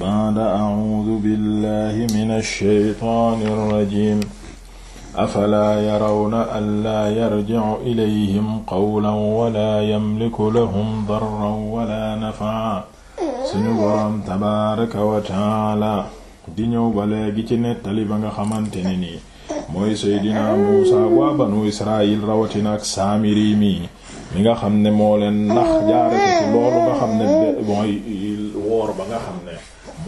baada acuudu billahi min alsheytaani alrajim afalaa yarawna an laa yarjicu ilayhim qawlan wala yamliku lahum darran wala nafaa suñu boroom tabaaraka wa taala di ñëw ba léegi ci nettali ba nga xamante ne nii mooy seydinaa muusaa waa banu israil rawatina ak saamiri mi mi nga xam ne moo leen nax jaare ko ci loolu nga xam ne mooy woor ba nga xam ne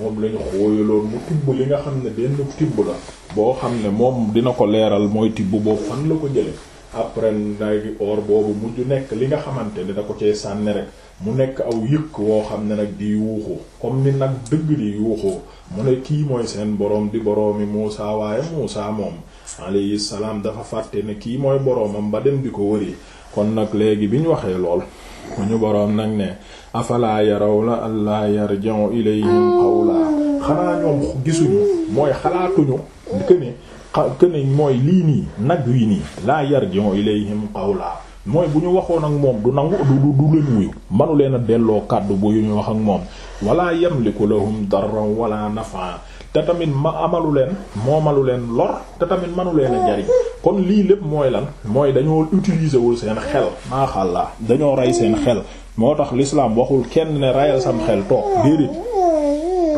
moom lañu xooyaloon mu tibb li nga xam ne benn tibb la boo xam ne moom dina ko leeral mooy tibb boobu fan la ko jële après nagi or boobu mujj nekk li nga xamante ne da ko cee sànni rek mu nekk aw yëkk woo xam ne nag di yuuxu comme ni nag dëgg di yuuxoo mu ne kii mooy seen boroom di boroomi Muusaa waaye Muusaa moom alayhi salaam dafa fàtte ne kii mooy boroomam ba dem di ko wëri kon nag léegi bi ñu waxee lool ñu boroom nag ne afalaa yarawna yar yarji'u ilayhim qawlaa xanaa ñoom gisuñu mooy xalaatuñu këne këne mooy lii nii nag wii nii laa yarji'u ilayhim qawlaa mooy bu ñu waxoon ak moom du nangu du du leen wuyu manu leen a delloo kàddu bu ñu wax ak moom wala yamliku lahum darran wala nafa te tamit ma amalu leen moomalu leen lor te tamit manu leen a jariñ kon lii lépp mooy lan mooy dañoo utiliser wul seen xel maaxàllaa dañoo rey seen xel moo tax l'islam waxul kenn ne reyal sam xel toog déedéet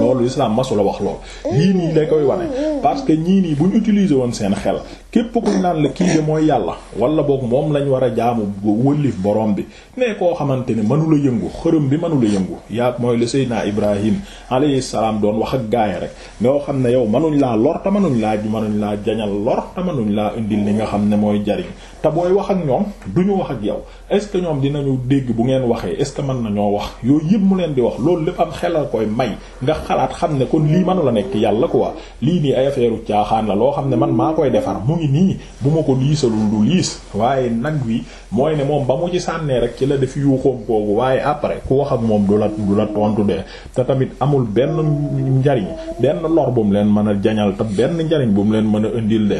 loolu l'islam masula wax lool lii nii da koy wane parce que ñii nii bu ñu utiliser woon seen xel képp ku naan la kii de mooy yàlla wala boog moom lañ war a jaamu wëllif boroom bi mais koo xamante ne mënula yëngu xërëm bi mënula yëngu yaa mooy le Seydina Ibrahim alayhi salaam doon wax ak gaaya rek nga xam ne yow mënuñ laa lor te mënuñ laa mënuñ laa jañal lor te mënuñ laa indil li nga xam ne mooy jariñ te booy wax ak ñoom duñu wax ak yow est ce que ñoom dinañu dégg bu ngeen waxee est ce que mën nañoo wax yooyu yëpp mu leen di wax loolu lépp am xelal koy may nga xalaat xam ne kon lii mënu la nekk yàlla quoi lii nii affaire caaxaan la loo xam ne man maa koy defar mu ngi nii bu ma ko liisalul du liis waaye nag wi mooy ne moom ba mu ci sànnee rek ci la def yuuxoom koogu waaye après ku wax ak moom du la du la tontu de te tamit amul benn njariñ benn lor bu leen mën a jañal te benn njariñ bu leen mën a indil de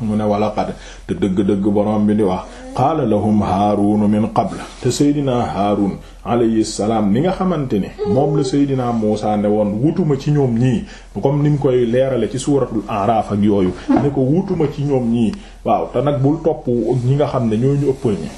mu ne wala xat te dëgg-dëgg borom bi di wax qaala lahum haarunu min qabla te seydinaa haarun alayhi salaam ni nga xamante ni moom la seydinaa muusa ne woon wutuma ci ñoom ñii comme ni mu koy leerale ci suuratul aaraaf ak yooyu ne ko wutuma ci ñoom ñii waaw te nag bul topp ñi nga xam ne ñoo ñu ëppal ñi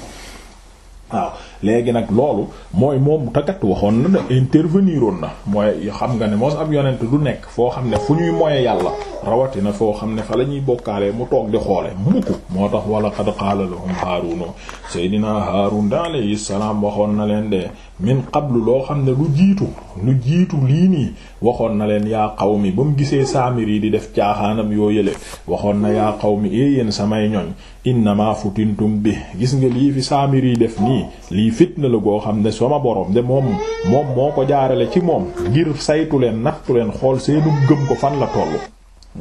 waaw léegi nag loolu mooy moom takat waxoon na ne intervenir woon na mooy xam nga ne moos ab yonent du nekk foo xam ne fu ñuy moye yàlla rawatina foo xam ne fa la ñuy bokkaalee mu toog di xoole mukk moo tax wala qad qaala lahum haarunu seydina haarun da alayhi salaam waxoon na leen de min xablu loo xam ne lu jiitu lu jiitu lii nii waxoon na leen yaa mi ba mu gisee saamir yi di def caaxaanam yoo yële waxoon na yaa xaw mi yéen samay ñoñ innama futintum fitna la goo xam ne ma boroom de moom moom moo ko jaarale ci moom ngir saytu leen nattu leen xool seenu gëm ko fan la tollu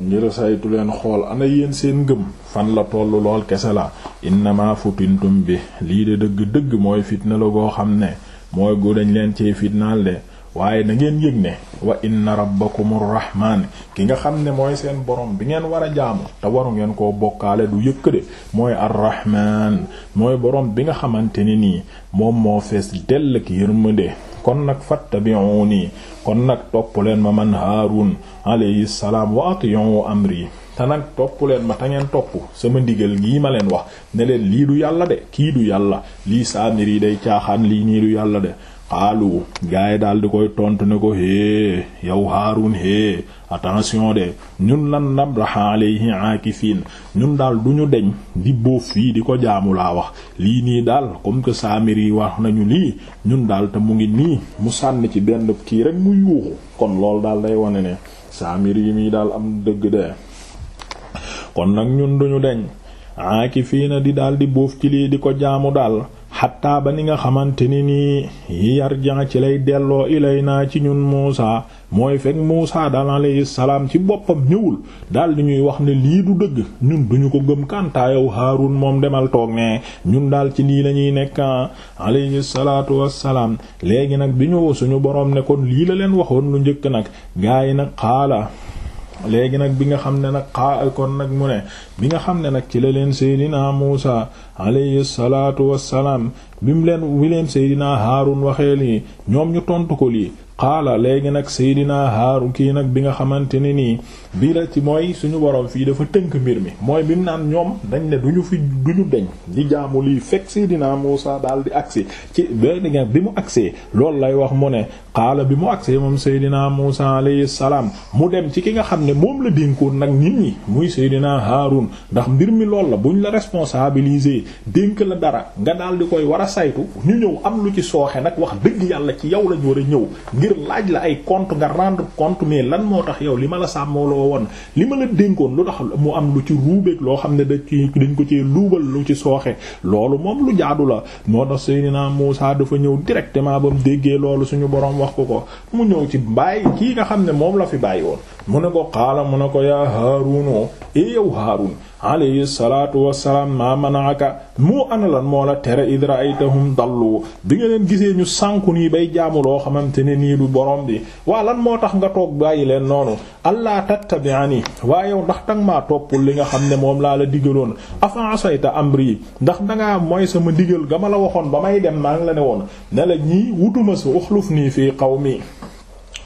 ngir saytu leen xool ana yéen seen ngëm fan la tollu lool kese la innama futintum bi lii de dëgg dëgg mooy fitna la goo xam ne mooy gu dañ leen ci fitnaal de waaye na ngeen yëg ne wa inna rabbakumur rahman ki nga xam ne mooy seen borom bi ngeen war a jaamu te waru ngeen koo bokkaale du yëkk de mooy arrahman mooy borom bi nga xamante ne nii moom moo fees dell ak de kon nag nii kon nag topp leen ma man haarun alayhi salaam wa ati'u amri te nag topp leen ma te ngeen topp sama ndigal gii ma leen wax ne leen lii du yàlla de kii du yàlla lii saamir yi day caaxaan lii nii du yàlla de xaalu gaay daal di koy tontu ne ko hee yow Haarun hee attention de ñun lan nabraha alayhi fiin ñun daal du ñu deñ di boof fii di ko jaamu laa wax lii nii daal comme que saamir yi wax nañu lii ñun daal te mu ngi nii mu sànni ci benn kii rek mu yuuxu kon loolu daal day wane ne saamir yi mii daal am dëgg de kon nag ñun duñu deñ aakifiina di daal di boof ci lii di ko jaamu daal xatta ba ni nga xamante ni nii yar yarja ci lay delloo ilay naa ci ñun Muusa mooy fekk Muusa daal alayhi salaam ci boppam ñëwul daal di ñuy wax ne lii du dëgg ñun duñu ko gëm kantaayow Haarun moom demal toog ne ñun daal ci lii lañuy nekka nekk alayhi salaatu léegi nag bi ñëw suñu borom ne lii la leen waxoon lu njëkk nag gaay nag xaala léegi nag bi nga xam ne nag xaa kon nag mu ne bi nga xam ne nag ci la leen seydinaa Muusa alayhi salaatu wassalaam bi mu leen wi leen seydinaa Haarun waxee lii ñoom ñu tontu ko lii qaala léegi nag seydina haaru kii nag bi nga xamante ne nii bii la ci mooy suñu borom fii dafa tënk mbir mi mooy bi naan ñoom dañ ne duñu fi duñu deñ di jaamu lii fekk seydina Muusa daal di agsi ci benn bi mu agsee loolu lay wax mu ne qaala bi mu agsee moom seydina Muusa alayhi salaam mu dem ci ki nga xam ne moom la dénkoon nag nit ñi muy seydina haarun ndax mbir mi lool la buñ la responsabiliser dénk la dara nga daal di koy war a saytu ñu ñëw am lu ci sooxe nag wax dëgg yàlla ci yow lañ war a ñëw laaj la ay compte nga rendre compte mais lan moo tax yow li ma la sàmmooloo woon li ma la dénkoon lu tax mu am lu ci ruubeeg loo xam ne da ci dañ ko ci luubal lu ci sooxe loolu moom lu jaadu la moo tax naa Muusaa dafa ñëw directement ba mu déggee loolu suñu boroom wax ko ko mu ñëw ci bàyyi kii nga xam ne moom la fi bàyyi woon mu ne ko xaala mu ne ko yaa Haaruun e yow Haaruun alayhi salaatu wassalaam ma mana'aka moo ana lan moo la tere id ra'aytahum dallu bi nga leen gisee ñu sànku nii bay jaamu loo xamante ne nii du borom bi waa lan moo tax nga toog bàyyi leen noonu allah tattabi'ani waa yow ndax tan maa toppul li nga xam ne moom laa la digaloon afa asayta amri ndax dangaa mooy sama digal ga ma la waxoon ba may dem maa ngi la ne woon ne la ñii wutuma sa uxluf nii fii xaw qawmi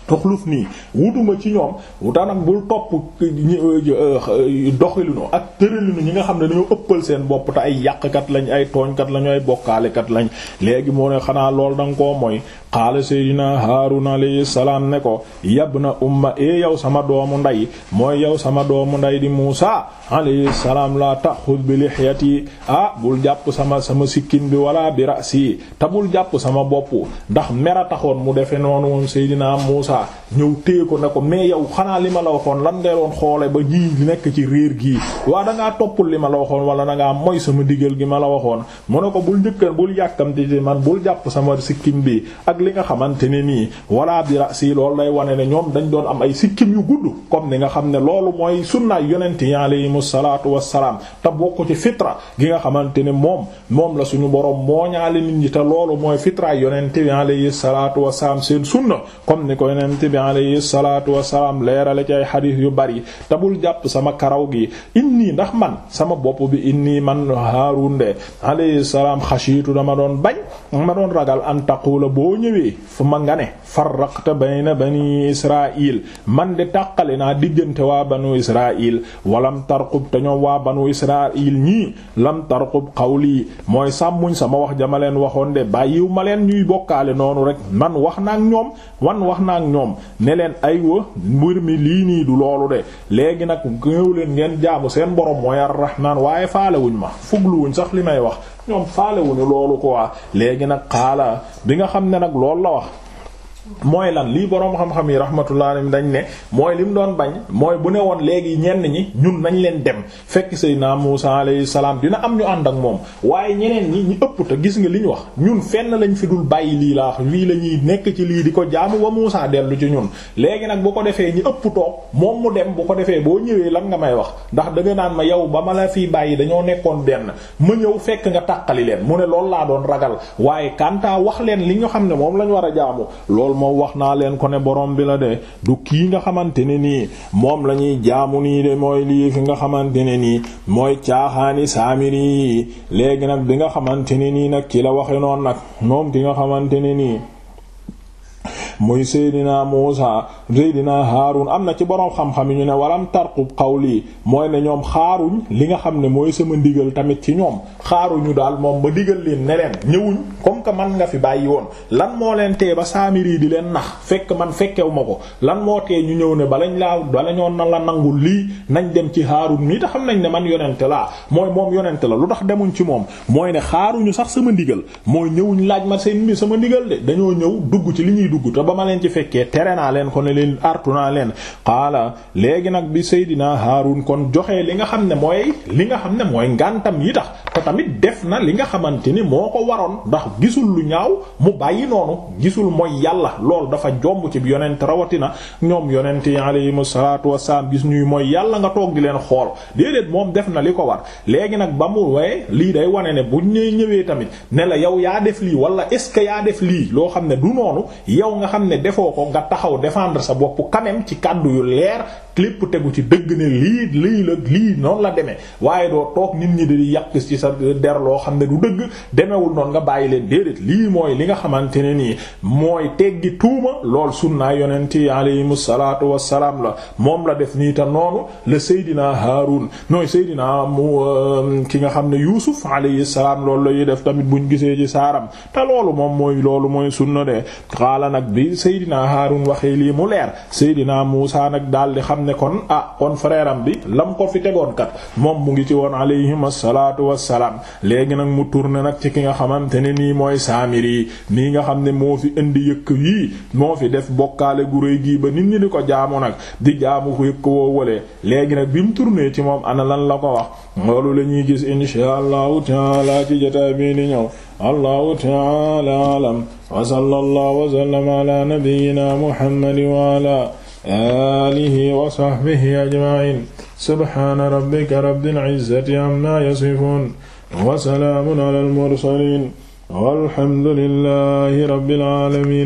toxluf nii wutuma ci ñoom wutaanag bul topp euh, doxalinu ak tëralinu ñi nga xam ne dañoo ëppal seen bopp te ay yàqkat lañ ay tooñkat lañu ay bokkaalekat lañ léegi moo ne xanaa lool danga koo mooy xaala seydina haarun alayhi salaam ne ko yabna umma e yow sama doomu ndey mooy yow sama doomu ndey di muusa alayhi salaam la taxud bi yi ah bul jàpp sama sama sikkin bi wala bi rasi te bul jàpp sama bopp ndax mera taxoon mu defe noonu moom seydina Muusaa ñëw téye ko ne ko mais yow xanaa li ma la waxoon lan ngay doon xoole ba ñii li nekk ci réer gii waa da topp toppul li ma la waxoon wala da ngaa moy sama digal gi ma la waxoon mu ne ko bul njëkkan bul yàkkamti ci man bul jàpp sama sikkim bi ak li nga xamante ne nii wala bi ra si loolu lay wane ne ñoom dañ doon am ay sikkim yu gudd comme ni nga xam ne loolu mooy sunnaay yonent yi alayhimu salaatu wassalaam te bokk ci fitra gi nga xamante ne moom moom la suñu borom moo ñaale nit ñi te loolu mooy fitra yonent yi alayhi salaatu wassalaam seen sunna yonent bi alayhi salaatu wasalaam leerale ci ay xadiis yu bari te bul jàpp sama karaw gi inni ndax man sama bopp bi inni man Haarun de alayhi salaam xashiitu dama doon bañ ma doon ragal an taqula boo ñëwee fu ma nga ne farraqta bayna bani Israa'iil man de tàqale naa diggante waa banu Israa'iil walam tarqub te ñoom waa banu Israa'iil ñii lam tarqub qawli mooy sàmmuñ sama wax jamaleen waxoon de bàyyiw ma leen ñuy bokkaale noonu rek man wax naa ak ñoom wan wax naa ak ñoom ñoom ne leen aywa mbir mi lii nii du loolu de léegi nag ñëw leen ngeen jaamu seen borom mooy ar-Rahmaan waaye faale wuñ ma fugluwuñ sax li may wax ñoom faale wuñu loolu quoi léegi nag xaalaa bi nga xam ne nag loolu la wax. mooy lan lii boroom xam-xam yi rahmatullah alayhi dañ ne mooy li mu doon bañ mooy bu ne woon léegi ñenn ñi ñun nañ leen dem fekk naa Muusa alayhi salaam dina am ñu ànd ak moom waaye ñeneen ñi ñu ëpp te gis nga li wax ñun fenn lañ fi dul bàyyi lii laa wax lii la ñuy nekk ci lii di ko jaamu wa Muusa dellu ci ñun léegi nag bu ko defee ñi ëpp toog moom mu dem bu ko defee boo ñëwee lan nga may wax ndax da nga naan ma yow ba ma la fii bàyyi dañoo nekkoon benn ma ñëw fekk nga tàqali leen mu ne loolu laa ragal waaye kanta wax leen li ñu xam ne moom lañ war a jaamu moom wax naa leen ko ne borom bi la de du kii nga xamante ne nii moom la ñuy jaamu nii de mooy lii ki nga xamante ne nii mooy caaxaani saamiri yi léegi nag bi nga xamante ne nii nag ci la waxe noonu nag moom ki nga xamante ne nii muy Seydina Muusa Seydina Haarun am na ci boroom xam-xam ñu ne walam xaw qawli mooy ne ñoom xaaruñ li nga xam ne mooy sama ndigal tamit ci ñoom xaaruñu daal moom ba digal leen ne leen ñëwuñ que man nga fi bàyyi woon lan moo leen tee ba saamiri di leen nax fekk man fekkew ma ko lan moo tee ñu ñëw ne balañ laa bala ñoo na la nangul lii nañ dem ci Haarun mii tax xam nañ ne man yonente laa mooy moom yonente la lu tax demuñ ci moom mooy ne xaaruñu sax sama ndigal mooy ñëwuñ laaj ma seen mi sama ndigal de dañoo ñëw dugg ci li ñuy dugg te ba ma leen ci fekkee tere naa leen ko ne leen artu naa leen xaala léegi nag bi Seydina Haarun kon joxe li nga xam ne mooy li nga xam ne mooy ngàntam yi tax te tamit def na li nga xamante ni moo ko waroon gisul lu ñaaw mu bàyyi noonu gisul mooy yàlla loolu dafa jomb ci yonent rawatina ñoom yonent yi alayhimu salaatu wassalaam gis ñuy mooy yàlla nga toog di leen xool déedéet moom def na li ko war léegi nag ba mu waaye lii day wane ne bu ñu ñuy ñëwee tamit ne la yow yaa def lii wala est ce que yaa def lii loo xam ne du noonu yow nga xam ne defoo ko nga taxaw défendre sa bopp quand ci kàddu yu leer lépp tegu ci dëgg ne lii lii la lii noonu la demee waaye doo toog nit ñi di yàq ci sa der loo xam ne du dëgg demewul noonu nga bàyyi leen déedéet lii mooy li nga xamante ne nii mooy teggi tuuma lool sunnaa yonent yi alayhimu salaatu wassalaam la moom la def nii te noonu la Seydina Haarun nooy Seydina mu euh, ki nga xam ne Yuusuf alayhi salaam loolu la ñuy def tamit buñ gisee ci saaram te loolu moom mooy loolu mooy sunna de xaala nag bi Seydina Haarun waxee lii mu leer Seydina Muusaa nag daldi xam ne kon ah kon frère am bi lam ko fi tegoon kat moom mu ngi ci woon alayhim asalaatu wassalaam léegi nag mu tourné nag ci ki nga xamante ne nii mooy Saamiri nii nga xam ne moo fi indi yëkk yii moo fi def bokkaale gu rëy gii ba nit ñi di ko jaamu nag di jaamu ko yëkk woo wole léegi nag bi mu tourné ci moom ana lan la ko wax loolu la ñuy gis insha allahu taala ci jotaay bii di ñëw allahu taala alam wa sallallahu wa sallama ala nabiyyina muhammad wa ala alihi wa sahbihi ajma'in subhana rabbika rabbil izzati amma yasifun wa salaamun alal mursalin walhamdulillahi rabbil alamin